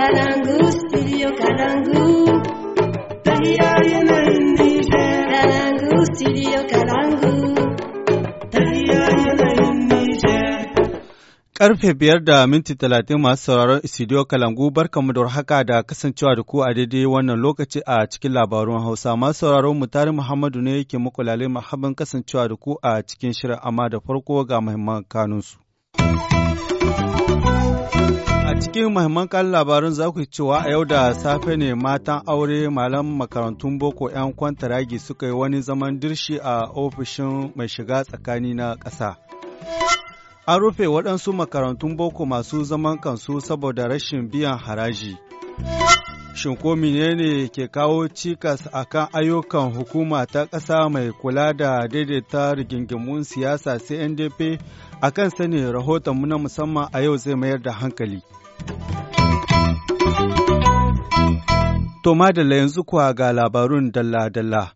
Kalangu, studio Kalangu. studio Karfe biyar da minti talatin masu sauraron studio Kalangu barkanmu da warhaka da kasancewa da ku a daidai wannan lokaci a cikin labarun Hausa. Masu sauraron mu tare Muhammadu ne yake muku lalai mahabban kasancewa da ku a cikin shirin amma da farko ga muhimman kanunsu. cikin mahimman labarun za ku cewa a yau da safe ne matan aure malam makarantun boko 'yan kwantaragi suka yi wani zaman dirshi a ofishin mai shiga tsakani na ƙasa. An rufe waɗansu makarantun boko masu zaman kansu saboda rashin biyan haraji. Shin ko menene ke kawo cikas a kan ayyukan hukuma ta ƙasa mai kula da daidaita rigingimun siyasa CNDP? A kan sani rahotonmu na musamman a yau zai mayar da hankali. To madalla yanzu kuwa ga labarun dalla-dalla.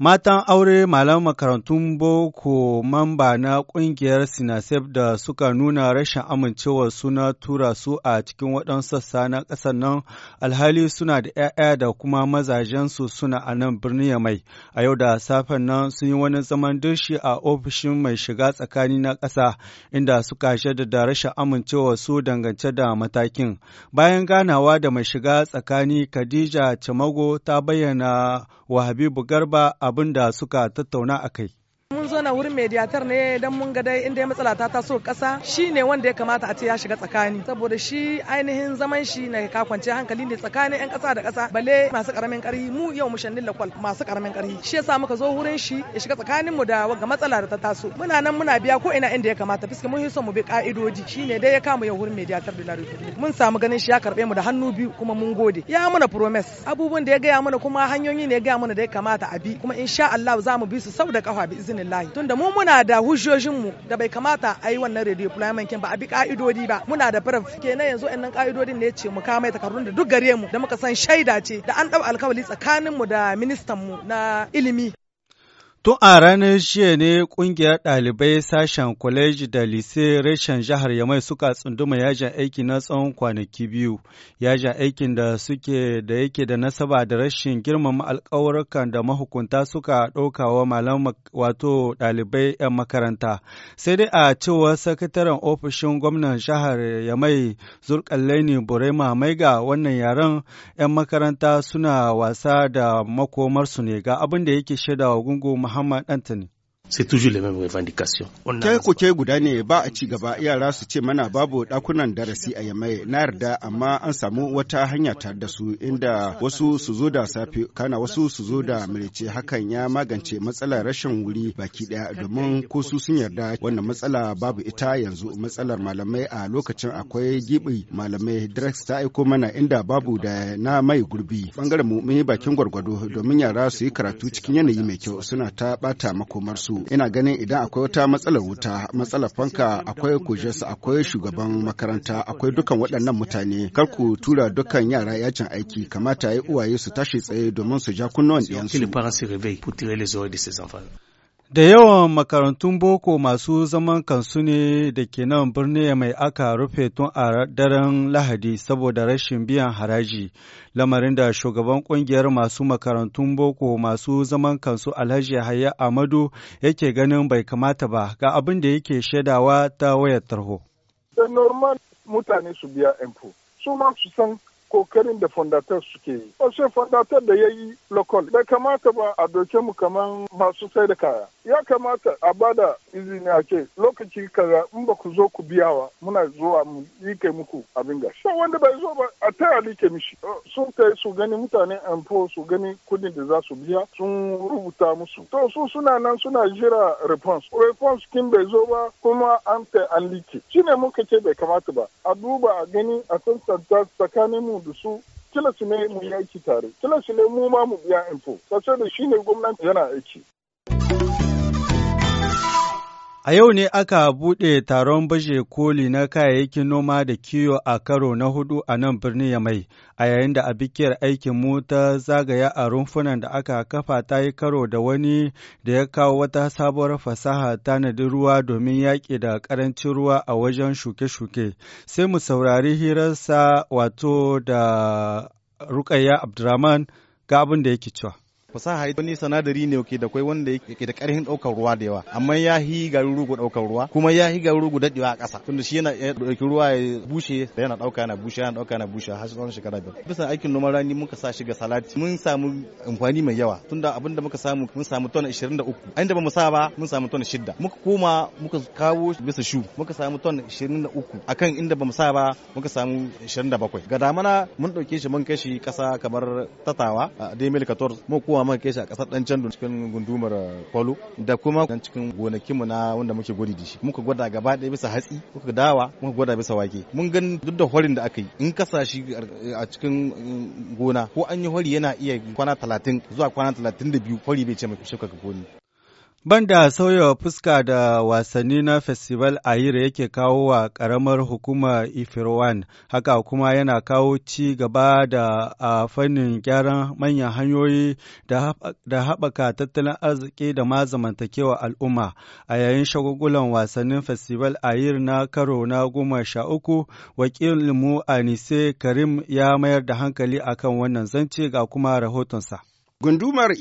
Matan aure malaman makarantun boko mamba na ƙungiyar Sinasef da suka nuna rashin amincewa suna tura su a cikin waɗansu sassa na ƙasar nan alhali suna da ‘ya'ya da kuma mazajensu suna a nan birnin mai. A yau da safen nan sun yi wani zaman dirshi a ofishin mai shiga tsakani na ƙasa inda suka da rashin amincewa su dangance da matakin. Bayan ganawa da mai shiga tsakani Khadija Chamago ta bayyana wa Habibu Garba abin da suka tattauna a kai. zo na wurin mediator ne don mun ga dai inda ya matsala ta taso kasa shine wanda ya kamata a ce ya shiga tsakani saboda shi ainihin zaman shi na ka kwance hankali ne tsakanin yan kasa da kasa bale masu karamin karhi mu yau mushannin lakwal masu karamin karhi shi yasa muka zo wurin shi ya shiga tsakanin mu da ga matsala da ta taso muna nan muna biya ko ina inda ya kamata fiske mun hiso mu bi ka'idodi shine dai ya kama yau wurin mediator da mun samu ganin shi ya karbe mu da hannu biyu kuma mun gode ya mana promise abubuwan da ya gaya mana kuma hanyoyi ne ya gaya mana da ya kamata a bi kuma insha Allah za mu bi su sau da kafa bi izinin wallahi tunda mu muna da mu da bai kamata a yi wannan radio deployment ba a bi ka'idodi ba muna da proof kenan yanzu ɗan ka'idodin ne ce mu kama takardun da duk gare mu da muka san shaida ce da an ɗau alkawali tsakanin mu da ministan mu na ilimi Tun a ranar jiya ne ƙungiyar ɗalibai sashen kwaleji da lise reshen jihar Yamai suka tsunduma yajin aiki na tsawon kwanaki biyu. Yajin aikin da suke da yake da nasaba da rashin girmama alkawarkan da mahukunta suka ɗauka wa malam wato ɗalibai 'yan makaranta. Sai dai a cewa sakataren ofishin gwamnan jihar Yamai Zulƙallaini Burema Maiga wannan yaren 'yan makaranta suna wasa da makomarsu ne ga abin da yake shaida gungun Muhammad Anthony. c'est toujours les mêmes revendications. Kai kuke guda ne ba a ci gaba yara su ce mana babu dakunan darasi a yamai na yarda amma an samu wata hanya ta da su inda wasu su zo da safe kana wasu su zo da milice hakan ya magance matsalar rashin wuri baki daya domin ko su sun yarda wannan matsala babu ita yanzu matsalar malamai a lokacin akwai gibi malamai Drex ta aiko mana inda babu da na mai gurbi bangaren mu mun bakin gwargwado domin yara su yi karatu cikin yanayi mai kyau suna ta bata makomarsu ina ganin idan akwai wata matsalar wuta matsalar fanka akwai kujersa akwai shugaban makaranta akwai dukan waɗannan mutane kar ku tura dukan yara yajin aiki kamata ya uwaye su tashi tsaye domin su ja kunnuwan ɗiyansu. Da yawan makarantun boko masu zaman kansu ne da ke nan birni mai aka rufe tun a daren Lahadi saboda rashin biyan haraji, lamarin da shugaban kungiyar masu makarantun boko masu zaman kansu Alhaji Hayya Amadu yake ganin bai kamata ba ga abin da yake shaidawa ta wayar tarho. Da normal mutane su biya su su san kokarin da fondatar suke yi. Ƙarshe fondatar da ya yi lokal bai kamata ba a doke mu kamar masu sai da kaya. Ya kamata a bada izini a ce lokaci kaza in ba ku zo ku biyawa muna zuwa mu kai muku abin gashi. So wanda bai zo ba a yi ke mishi. Eh, sun kai su gani mutane amfo su gani kudin da za su biya sun rubuta musu. To su suna nan suna jira response. Response kin bai zo ba kuma an ta an like. Shi ne muka ce bai kamata ba. A duba a gani a san tsakanin mu mu da su tilas ne mu yi aiki tare tilas ne mu ma mu biya info sosai da shi ne gwamnati yana aiki A yau ne aka buɗe taron baje koli na kayayyakin noma da kiwo a karo na hudu a nan birnin Yamai, a yayin da abikiyar aikin mu ta zagaya a rumfunan da aka kafa ta yi karo da wani da ya kawo wata sabuwar fasaha tanadin ruwa domin yaƙi da ƙarancin ruwa a wajen shuke-shuke. Sai mu saurari hirarsa wato da Rukayya Abdurrahman ga abin da yake cewa. fasaha wani sanadari ne ke da kwai wanda yake da karfin daukar ruwa da yawa amma ya hi garin rugu daukar ruwa kuma ya hi garin rugu dadewa a ƙasa tunda shi yana dauki ruwa ya bushe yana dauka yana bushe yana dauka yana bushe har tsawon shekara biyar bisa aikin noman rani muka sa shi ga salati mun samu amfani mai yawa tunda abin da muka samu mun samu ton 23 inda ba mu sa ba mun samu ton 6 muka koma muka kawo bisa shu muka samu ton 23 akan inda ba mu sa ba muka samu 27 ga damana mun dauke shi mun kashi kasa kamar tatawa a 2014 muka noma muka kai shi a kasar dan Chandu cikin gundumar eh, Kwalo da kuma dan cikin gonakin mu na wanda muke gudi da shi muka gwada gaba ɗaya bisa hatsi muka dawa muka gwada bisa wake mun gan duk da horin da aka yi in kasa shi eh, a cikin eh, gona ko an yi hori yana iya kwana 30 zuwa kwana 32 hori bai ce mai shuka ka komi Banda sauya fuska da wasanni na festival Ayira yake kawo wa ƙaramar hukumar Ifirwan, haka kuma yana kawo ci gaba da a fannin gyaran manyan hanyoyi da haɓaka tattalin arziki da ma zamantakewa al'umma. A yayin shagugulan wasannin festival Ayir na karo na goma sha uku, wakilinmu Anise Karim ya mayar da hankali akan wannan zance ga kuma rahotonsa. La tribune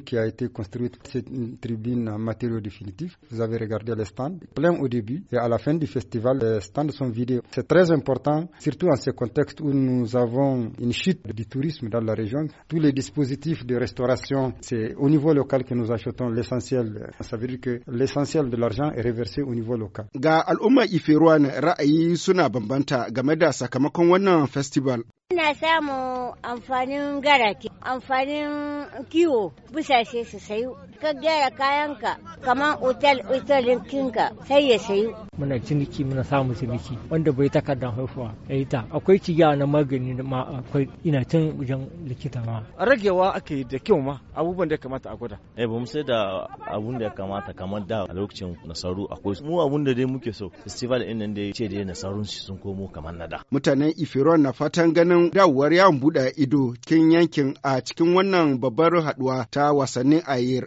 qui a été construite c'est une tribune en matériaux définitifs. Vous avez regardé les stands, plein au début et à la fin du festival les stands sont vidés. C'est très important surtout en ce contexte où nous avons une chute du tourisme dans la région. Tous les dispositifs de restauration, c'est au niveau local que nous achetons l'essentiel. dire que l'essentiel de l'argent est reversé au niveau local. Ga al'ummar Iferuwan ra'ayi suna bambanta game da sakamakon wannan festival. Ina samun amfanin garake, amfanin kiwo busashe su sayu. Ka gyara kayanka kamar otel otelin kinka sai ya sayu. Muna ciniki muna samun ciniki wanda bai takardar haifuwa ya yi ta. Akwai cigiya na magani ma akwai ina cin wajen likita ma. Ragewa ake da kyau ma abubuwan da kamata a gwada. Eh ba mu sai da abun da ya kamata kamar da a lokacin nasaru akwai mu abun da dai muke so. Festival ɗin nan da ya ce da nasarun shi sun komo kamar na da. Mutanen Ifiron na fatan ganin ganin dawowar yawon buɗe ido kin yankin a cikin wannan babbar haɗuwa ta wasannin ayir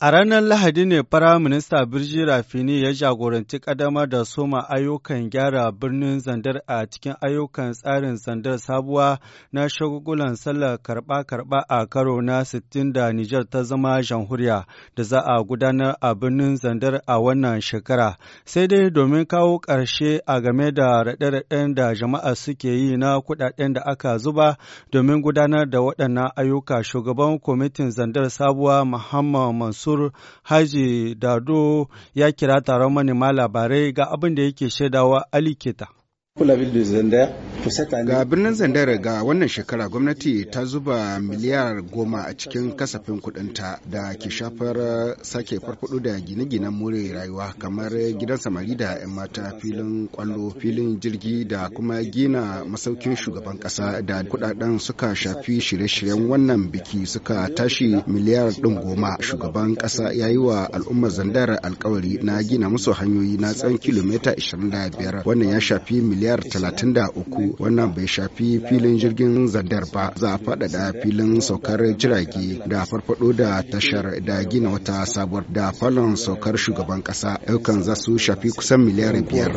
A ranar Lahadi ne Firaminista Birji Rafini ya jagoranci ƙaddamar da soma ayyukan gyara birnin Zandar a cikin ayyukan tsarin Zandar sabuwa na shagugulan sallar karba-karba a karo na 60 da Nijar ta zama jamhuriya da za a gudanar a birnin Zandar a wannan shekara. Sai dai domin kawo ƙarshe a game da raɗe-raɗen da jama'a suke yi na kuɗaɗen da aka zuba domin gudanar da waɗannan ayyuka shugaban kwamitin Zandar sabuwa Muhammad Mansur Mansur Haji Dado ya kira taron manema labarai ga abin da yake shaidawa Ali Keta. Ga birnin Zandar ga wannan shekara gwamnati ta zuba miliyar goma a cikin kasafin kudinta da ke shafar uh, sake farfado da gine-ginen more rayuwa kamar gidan samari da 'yan mata filin kwallo filin jirgi da kuma gina masaukin shugaban kasa da kudaden suka shafi shirye-shiryen wannan biki suka tashi miliyar din goma shugaban kasa ya yi wa al'ummar zandar alkawari na gina musu hanyoyi na tsawon kilomita 25 wannan ya shafi miliyar da uku wannan bai shafi filin jirgin zandar ba za a faɗaɗa filin saukar jirage da farfaɗo da tashar da gina wata sabuwar da falon saukar shugaban ƙasa ɗaukan za su shafi kusan miliyar biyar.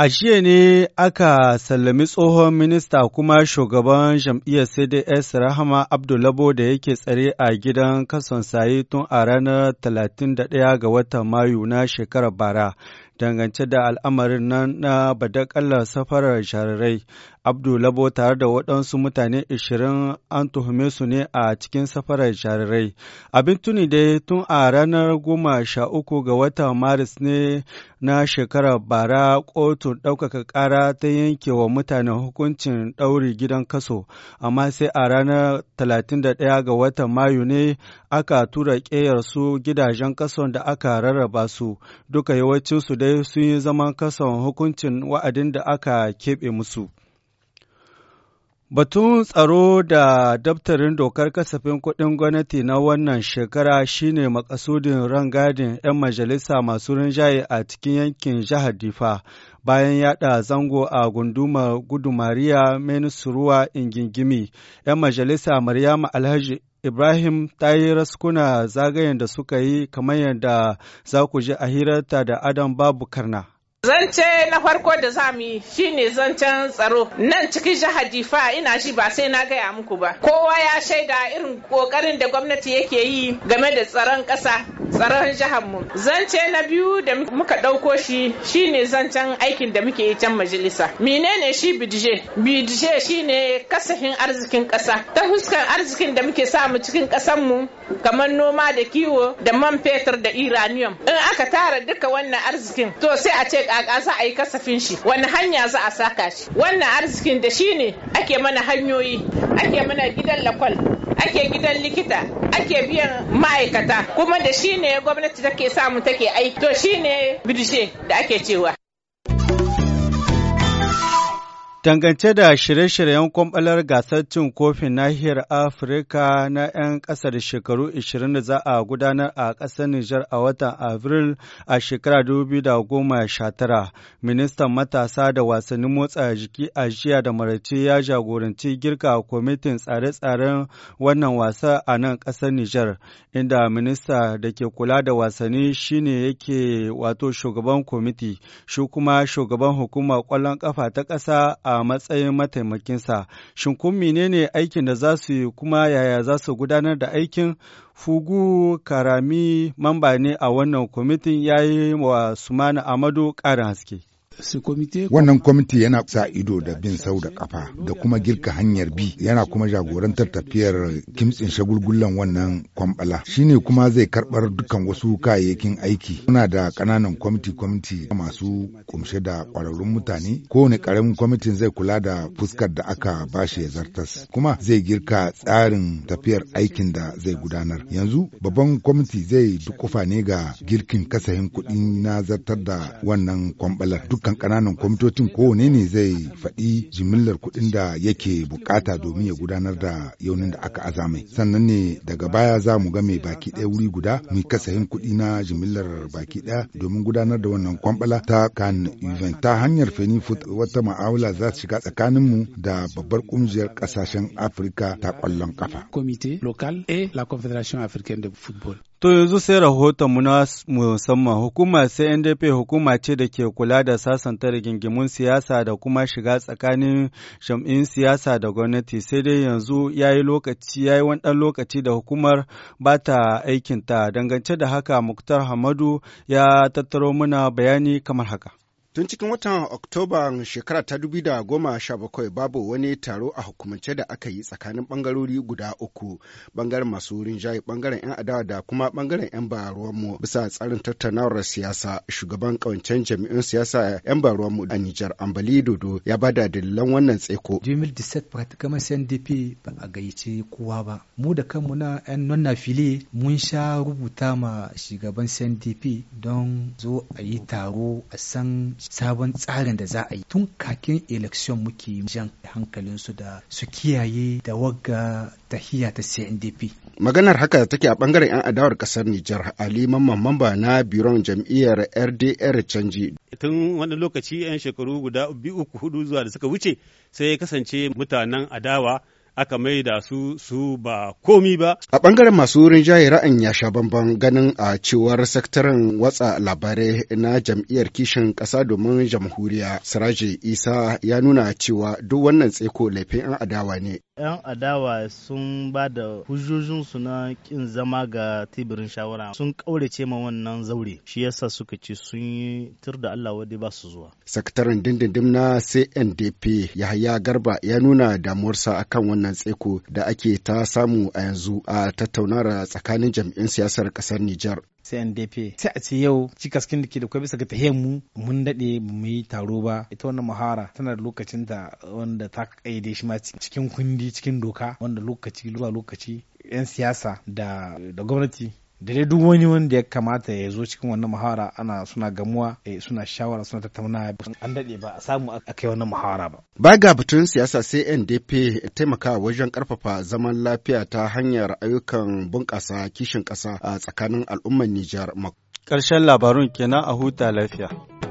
A jiya ne aka sallami tsohon minista kuma shugaban jam'iyyar CDS Rahama Abdullabo da yake tsare a gidan kason saye tun a ranar 31 ga watan Mayu na shekarar bara. dangance da al'amarin nan na badakalla safarar shararai Abdulabo tare da waɗansu mutane ashirin an tuhume su ne a cikin safarar jarirai. Abin tuni dai tun a ranar goma sha uku ga watan Maris ne na shekarar bara kotun ɗaukaka ƙara ta yanke wa mutane hukuncin ɗauri gidan kaso, amma sai a ranar talatin 31 ga watan Mayu ne aka tura su gidajen kason da aka rarraba su, duka yawancinsu dai sun yi zaman kason hukuncin wa'adin da aka keɓe musu. Batun tsaro da daftarin dokar kasafin kuɗin gwamnati na wannan shekara shine makasudin rangadin 'yan majalisa masu rinjaye a cikin yankin jihar Difa bayan yada zango a gunduma gudumariya Menusuruwa Ingingimi. 'Yan majalisa Maryama Alhaji Ibrahim ta yi raskuna zagayen da suka yi kamar yadda za ku ji a hirarta da Adam Babu Karna. Zance na farko da za mu yi shine zancen tsaro nan cikin jihar Difa ina shi ba sai na gaya muku ba. Kowa ya shaida irin kokarin da gwamnati yake yi game da tsaron ƙasa tsaron jihar mu zance na biyu da muka ɗauko shi shine zancen aikin da muke yi can majalisa menene shi bidje bidje shine kasafin arzikin ƙasa ta huskan arzikin da muke samu cikin ƙasar mu kamar noma da kiwo da man fetur da iranium in aka tara duka wannan arzikin to sai a ce kaka za a yi kasafin shi wani hanya za a saka shi wannan arzikin da shine ake mana hanyoyi ake mana gidan lakwal ake gidan likita ake biyan ma'aikata kuma da shi ne gwamnati take samu take aiki to shi ne da ake cewa Dangance da shirye-shiryen kwamɓalar gasar cin kofin nahiyar Afirka na 'yan ƙasar shekaru 20 da za a gudanar a ƙasar Nijar a watan Abril a shekara 2019, ministan matasa da wasannin motsa jiki a jiya da marace ya jagoranci girka kwamitin tsare-tsaren wannan wasa a nan ƙasar Nijar, inda minista da ke kula da wasanni shine yake wato shugaban kwamiti, shi kuma shugaban hukumar ƙwallon ƙafa ta ƙasa a matsayin mataimakinsa. Shin kun menene aikin da za su yi kuma yaya za su gudanar da aikin? Fugu Karami mamba ne a wannan kwamitin ya yi wa Sumana Amadu ƙarin haske. Wannan kwamiti yana sa ido da bin sau da kafa da kuma girka hanyar bi yana kuma jagorantar tafiyar kimtsin shagulgulan wannan kwambala. ne kuma zai karɓar dukkan wasu kayayyakin aiki. Muna da ƙananan kwamiti-kwamiti masu kumshe da ƙwararrun mutane. Kowane ƙaramin kwamitin zai kula da fuskar da aka bashi ya zartas. Kuma zai girka tsarin tafiyar aikin da zai gudanar. Yanzu babban kwamiti zai dukufa ne ga girkin kasahin kuɗi na zartar da wannan kwambalar. duk dukkan ƙananan kwamitocin kowane ne zai faɗi jimillar kuɗin da yake bukata domin ya gudanar da yaunin da aka azamai sannan ne daga baya za mu ga mai baki ɗaya wuri guda mu yin kuɗi na jimillar baki ɗaya domin gudanar da wannan kwambala ta kan event ta hanyar fenifut wata ma'aula za su shiga tsakanin mu da babbar ƙungiyar ƙasashen afirka ta kwallon kafa comité local et la confédération africaine de football To yanzu sai rahotonmu na musamman hukumar CNDP hukuma ce da ke kula da sasanta rigingimun siyasa da kuma shiga tsakanin jam'in siyasa da gwamnati sai dai yanzu ya yi lokaci ya wani ɗan lokaci da hukumar ba ta aikinta dangance da haka Muktar Hamadu ya tattaro muna bayani kamar haka. Tun cikin watan Oktoba shekara ta dubi da goma sha bakwai babu wani taro a hukumance da aka yi tsakanin bangarori guda uku bangaren masu rinjaye bangaren 'yan adawa da kuma bangaren 'yan baruwanmu bisa tsarin tattaunawar siyasa shugaban kawancen jami'in siyasa 'yan baruwanmu a Nijar Ambali Dodo ya bada dalilan wannan tseko. 2017 pratikamar CNDP ba a gayyace kowa ba. Mu da kanmu na 'yan nonna fili mun sha rubuta ma shugaban CNDP don zo a yi taro a san sabon tsarin da za a yi tun kakin election muke jan hankalinsu da su kiyaye da wagga tahiya ta CNDP. Maganar haka take a bangaren 'yan adawar kasar Nijar Ali Mamman Mamba na biron jam'iyyar RDR canji. Tun wani lokaci 'yan shekaru guda biyu uku hudu zuwa da suka wuce sai ya kasance mutanen adawa aka mai da su su ba komi ba. A bangaren masu rinjaye ra'ayin ya sha bamban ganin a cewar sektaran watsa labarai na jam'iyyar kishin ƙasa domin jamhuriya Siraje Isa ya nuna cewa duk wannan tseko laifin 'yan adawa ne. 'Yan adawa sun ba da hujjojinsu na kin zama ga tibirin shawara sun ƙaurace ma wannan zaure shi yasa suka ce sun yi tur da Allah wadda ba su zuwa. Sakataren dindindim na CNDP Yahaya Garba ya nuna damuwarsa akan wannan wannan tseko da ake ta samu a yanzu a tattaunawar tsakanin jam'in siyasar kasar Nijar. sai sai a ce yau cikaskin da ke da kwai bisa ga tahiyar mu mun daɗe mu yi taro ba ita wannan muhara tana da lokacin da wanda ta kaide shi ma cikin kundi cikin doka wanda lokaci zuwa lokaci 'yan siyasa da gwamnati da dai duk wani wanda ya kamata ya zo cikin wannan muhawara ana suna gamuwa eh, suna shawara suna tattauna an dade ba a samu a wannan muhawara ba. Ba ga batun siyasa sai NDP taimaka wajen karfafa zaman lafiya ta hanyar ayyukan bunƙasa kishin ƙasa a tsakanin al'ummar Nijar. Karshen labarun kenan a huta lafiya.